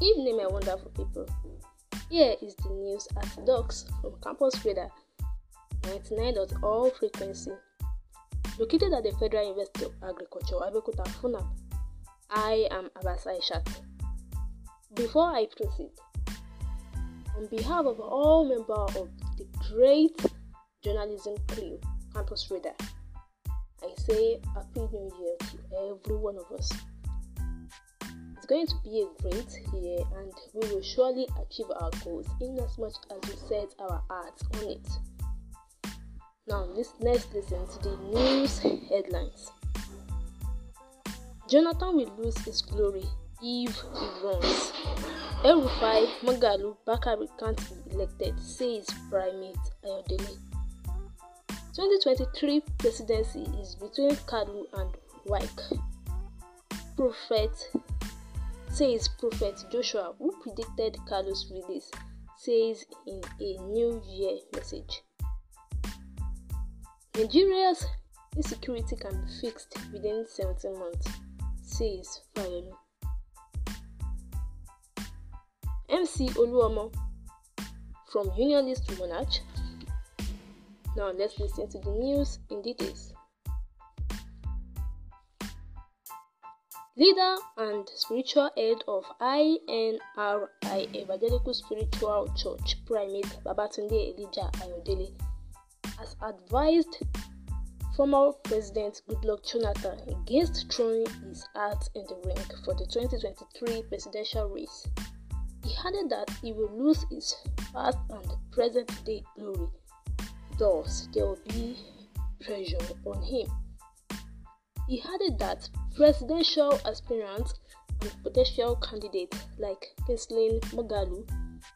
Good evening, my wonderful people. Here is the news at Docs from Campus Radar 99.all frequency. Located at the Federal University of Agriculture, Abeokuta, Funab, I am Abbas Aishat. Before I proceed, on behalf of all members of the great journalism crew, Campus Radar, I say Happy New Year to every one of us. It's going to be a great year and we will surely achieve our goals in as much as we set our hearts on it. Now, let's, let's listen to the news headlines. Jonathan will lose his glory if he runs. el Magalu Bakari can't be elected, says Prime Minister Ayodele. 2023 presidency is between Kalu and Wike. Prophet says Prophet Joshua, who predicted Carlos' release, says in a New Year message. Nigeria's insecurity can be fixed within 17 months, says Fayemi. MC Oluomo from Unionist to Monarch. Now let's listen to the news in details. leader and spiritual head of INRI Evangelical Spiritual Church, Primate Babatunde Elijah Ayodele, has advised former President Goodluck Jonathan against throwing his hat in the ring for the 2023 presidential race. He added that he will lose his past and present day glory, thus, there will be pressure on him he added that presidential aspirants and potential candidates like Kinsley Mogalu,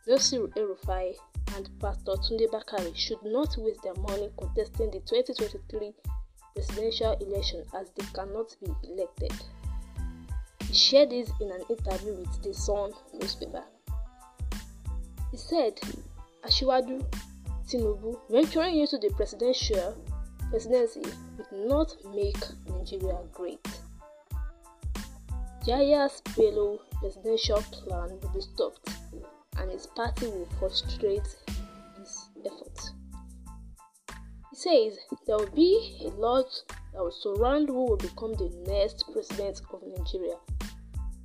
Nasir Erufai, and Pastor Tunde Bakari should not waste their money contesting the 2023 presidential election as they cannot be elected. He shared this in an interview with the Sun newspaper. He said, Ashiwadu Tinubu, venturing into the presidential presidency would not make Nigeria great. Jaya's Bello presidential plan will be stopped and his party will frustrate his efforts. He says there will be a lot that will surround who will become the next president of Nigeria.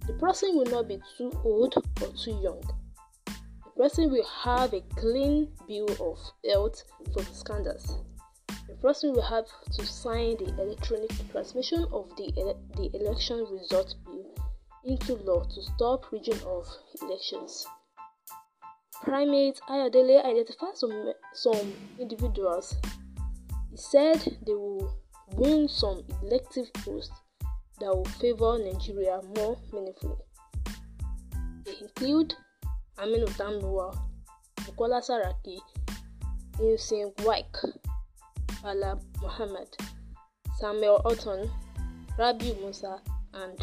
The person will not be too old or too young. The person will have a clean bill of health from scandals the first thing we have to sign the electronic transmission of the, ele- the election result bill into law to stop rigging of elections. Primate Ayodele identified some, some individuals. He said they will win some elective posts that will favor Nigeria more meaningfully. They include Aminu Tambuwal, Bukola Saraki, Insink Wike. Fala Muhammad, Samuel Orton, Rabbi Musa, and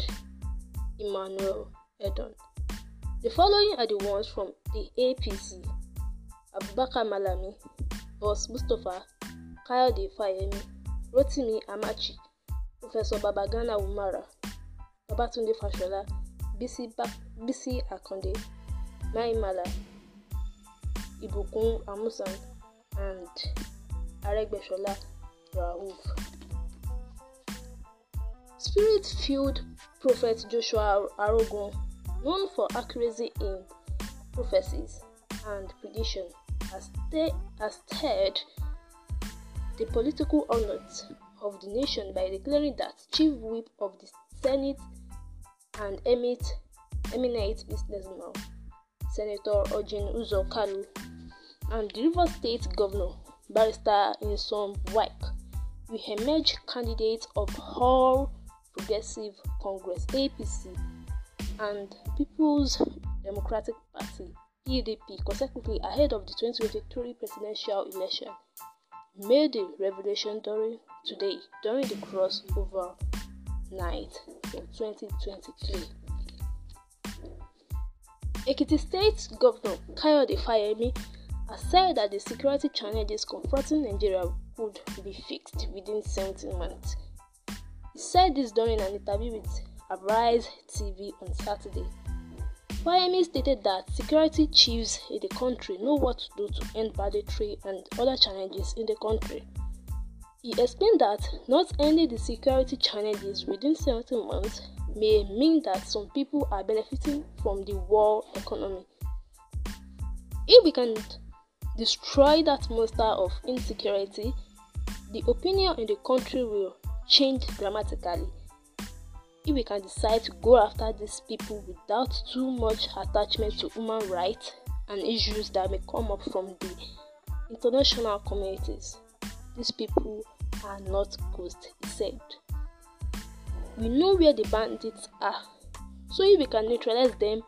Emmanuel Edon. The following are the ones from the APC Abubakar Malami, Boss Mustafa, Kayode Fayemi, Rotimi Amachi, Professor Babagana Umara, Babatunde Fashola, Bisi, Bisi Akonde, Maimala, Ibukun Amusan, and Aregbesola Rauf. Spirit filled prophet Joshua Arogun, known for accuracy in prophecies and prediction, has, te- has stirred the political honors of the nation by declaring that chief whip of the Senate and Emit, eminent businessman, Senator Ojin Uzo Kalu, and the River State Governor Barrister some work, we emerged candidates of All Progressive Congress APC and People's Democratic Party PDP consecutively ahead of the 2023 presidential election made the revelation during today during the crossover night of 2023. Ekiti State Governor Kayode Fayemi has said that the security challenges confronting Nigeria would be fixed within 17 months. He said this during an interview with Arise TV on Saturday. Fayemi stated that security chiefs in the country know what to do to end banditry and other challenges in the country. He explained that not ending the security challenges within 17 months may mean that some people are benefiting from the war economy. If we can destroy that monster of insecurity, the opinion in the country will change dramatically if we can decide to go after these people without too much attachment to human rights and issues that may come up from the international communities. These people are not ghosts, he said. We know where the bandits are, so if we can neutralize them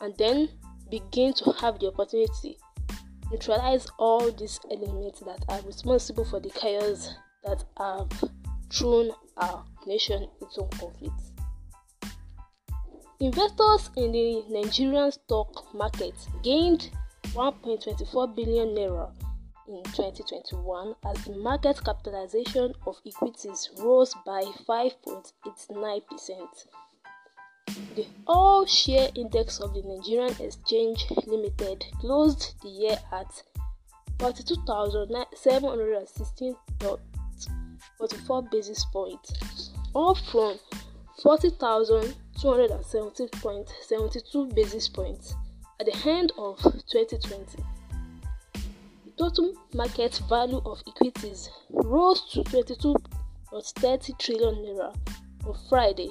and then begin to have the opportunity neutralize all these elements that are responsible for the chaos that have thrown our nation into conflict. Investors in the Nigerian stock market gained 1.24 billion naira in 2021 as the market capitalization of equities rose by 5.89%. The all share index of the Nigerian Exchange Limited closed the year at 42,716.44 basis points, up from 40,217.72 basis points at the end of 2020. The total market value of equities rose to 22.30 trillion naira on Friday,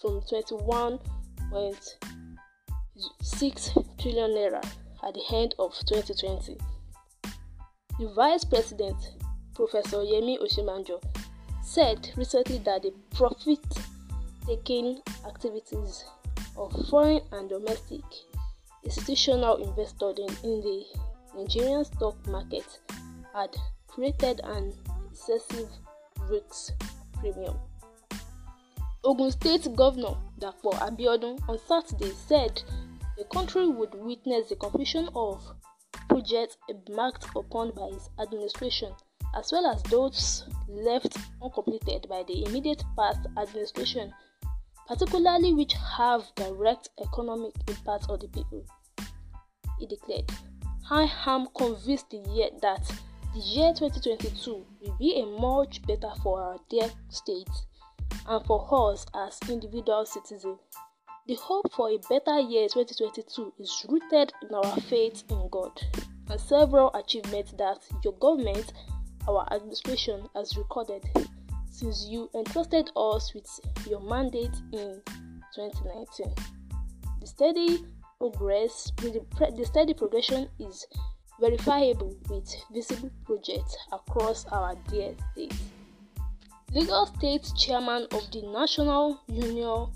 from 21.6 trillion naira at the end of 2020. The Vice President, Professor Yemi Oshimanjo, said recently that the profit taking activities of foreign and domestic institutional investors in, in the Nigerian stock market had created an excessive risk premium. Ogun State Governor Dapo Abiodun on Saturday said the country would witness the completion of projects embarked upon by his administration, as well as those left uncompleted by the immediate past administration, particularly which have direct economic impact on the people. He declared, I am convinced yet that the year 2022 will be a much better for our dear state and for us as individual citizens. The hope for a better year 2022 is rooted in our faith in God and several achievements that your government, our administration, has recorded since you entrusted us with your mandate in 2019. The steady progress, the steady progression is verifiable with visible projects across our dear state. Legal State Chairman of the National Union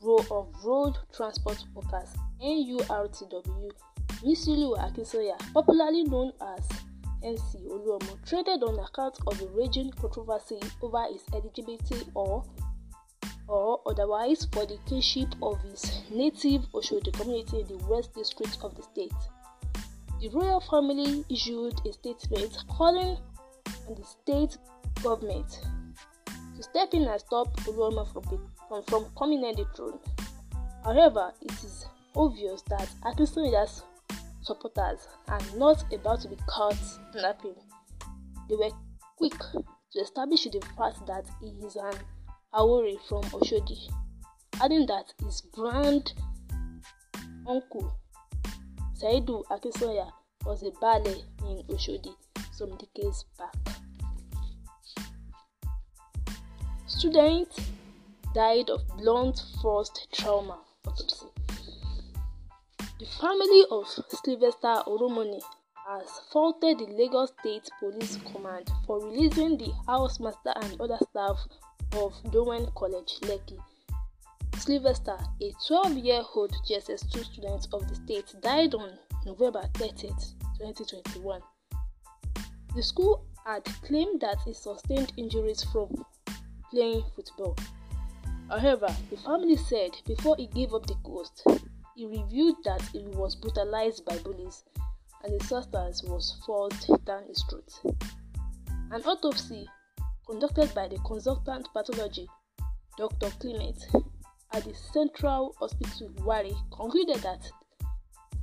of Road Transport Workers NURTW, Misiliwa Akisoya, popularly known as MC Oluomo, traded on account of a raging controversy over his eligibility or or otherwise for the kingship of his native Oshodi community in the West District of the state. The royal family issued a statement calling on the state government step in and stop Roma from, from coming near the throne. However, it is obvious that Akinson leaders supporters are not about to be caught napping. They were quick to establish the fact that he is an Awori from Oshodi, adding that his grand uncle, Saidu Akisoya, was a ballet in Oshodi some decades back student died of blunt force trauma autopsy. The family of Sylvester Oromoni has faulted the Lagos State Police Command for releasing the housemaster and other staff of Dowen College, Lekki. Sylvester, a 12 year old GSS2 student of the state, died on November 30, 2021. The school had claimed that he sustained injuries from playing football. However, the family said before he gave up the ghost, he revealed that he was brutalized by bullies and his substance was forced down his throat. An autopsy conducted by the consultant pathology, Dr. Clement, at the Central Hospital Wari concluded that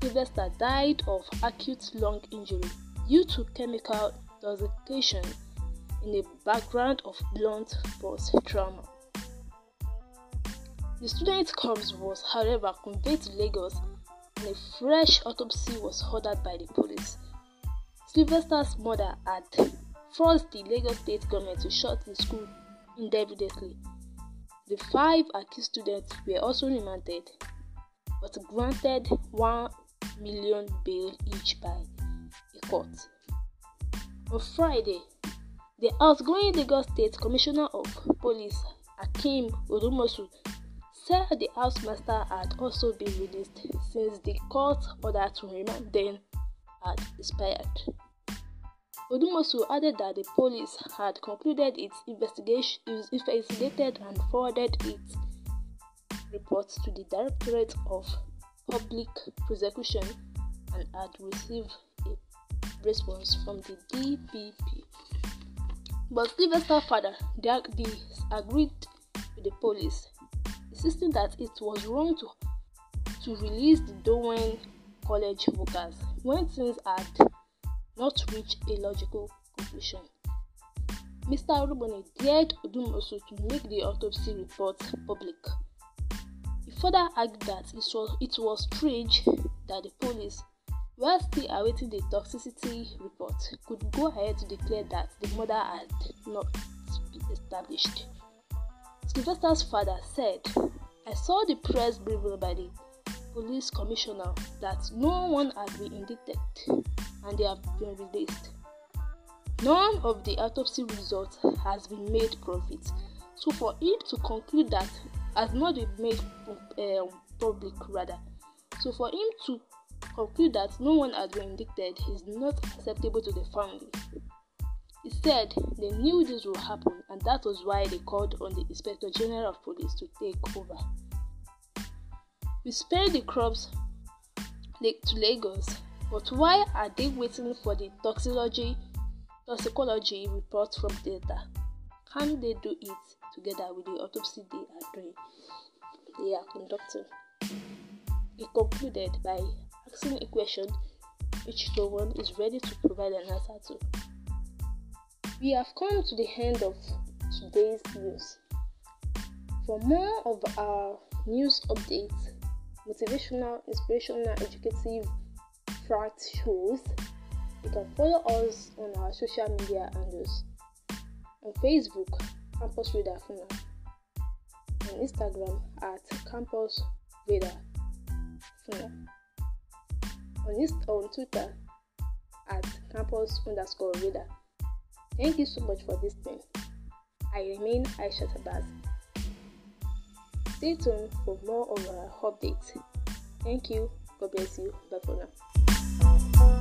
Sylvester died of acute lung injury due to chemical intoxication in a background of blunt force trauma. The student's corpse was, however, conveyed to Lagos and a fresh autopsy was ordered by the police. Sylvester's mother had forced the Lagos state government to shut the school indefinitely. The five accused students were also remanded but granted 1 million bail each by a court. On Friday, the outgoing Lagos State Commissioner of Police, Akim Odumosu, said the housemaster had also been released since the court order to remand then had expired. Odumosu added that the police had concluded its investigation, investigated and forwarded its report to the Directorate of Public Prosecution and had received a response from the DPP. But Sylvester's father disagreed with the police, insisting that it was wrong to, to release the Dowen College workers when things had not reached a logical conclusion. Mr. Arubone dared Odumosu to make the autopsy report public. He further argued that it was, it was strange that the police while still awaiting the toxicity report, could go ahead to declare that the murder had not been established. Sylvester's father said, I saw the press briefing by the police commissioner that no one had been indicted and they have been released. None of the autopsy results has been made profit. So for him to conclude that has not been made um, public rather. So for him to conclude that no one has been indicted is not acceptable to the family. He said they knew this would happen and that was why they called on the Inspector General of Police to take over. We spare the crops to Lagos, but why are they waiting for the toxicology, toxicology report from Delta? Can they do it together with the autopsy they are doing? They are conducting. He concluded by asking a question which no one is ready to provide an answer to. We have come to the end of today's news. For more of our news updates, motivational, inspirational, educative fact shows, you can follow us on our social media handles on Facebook, Campus Reader Funa, on Instagram at Campus Reader Funa. on, Inst- on Twitter at campus underscore reader. Thank you so much for listening. I remain Aisha Tabaz. Stay tuned for more of our updates. Thank you. God bless you. Bye for now.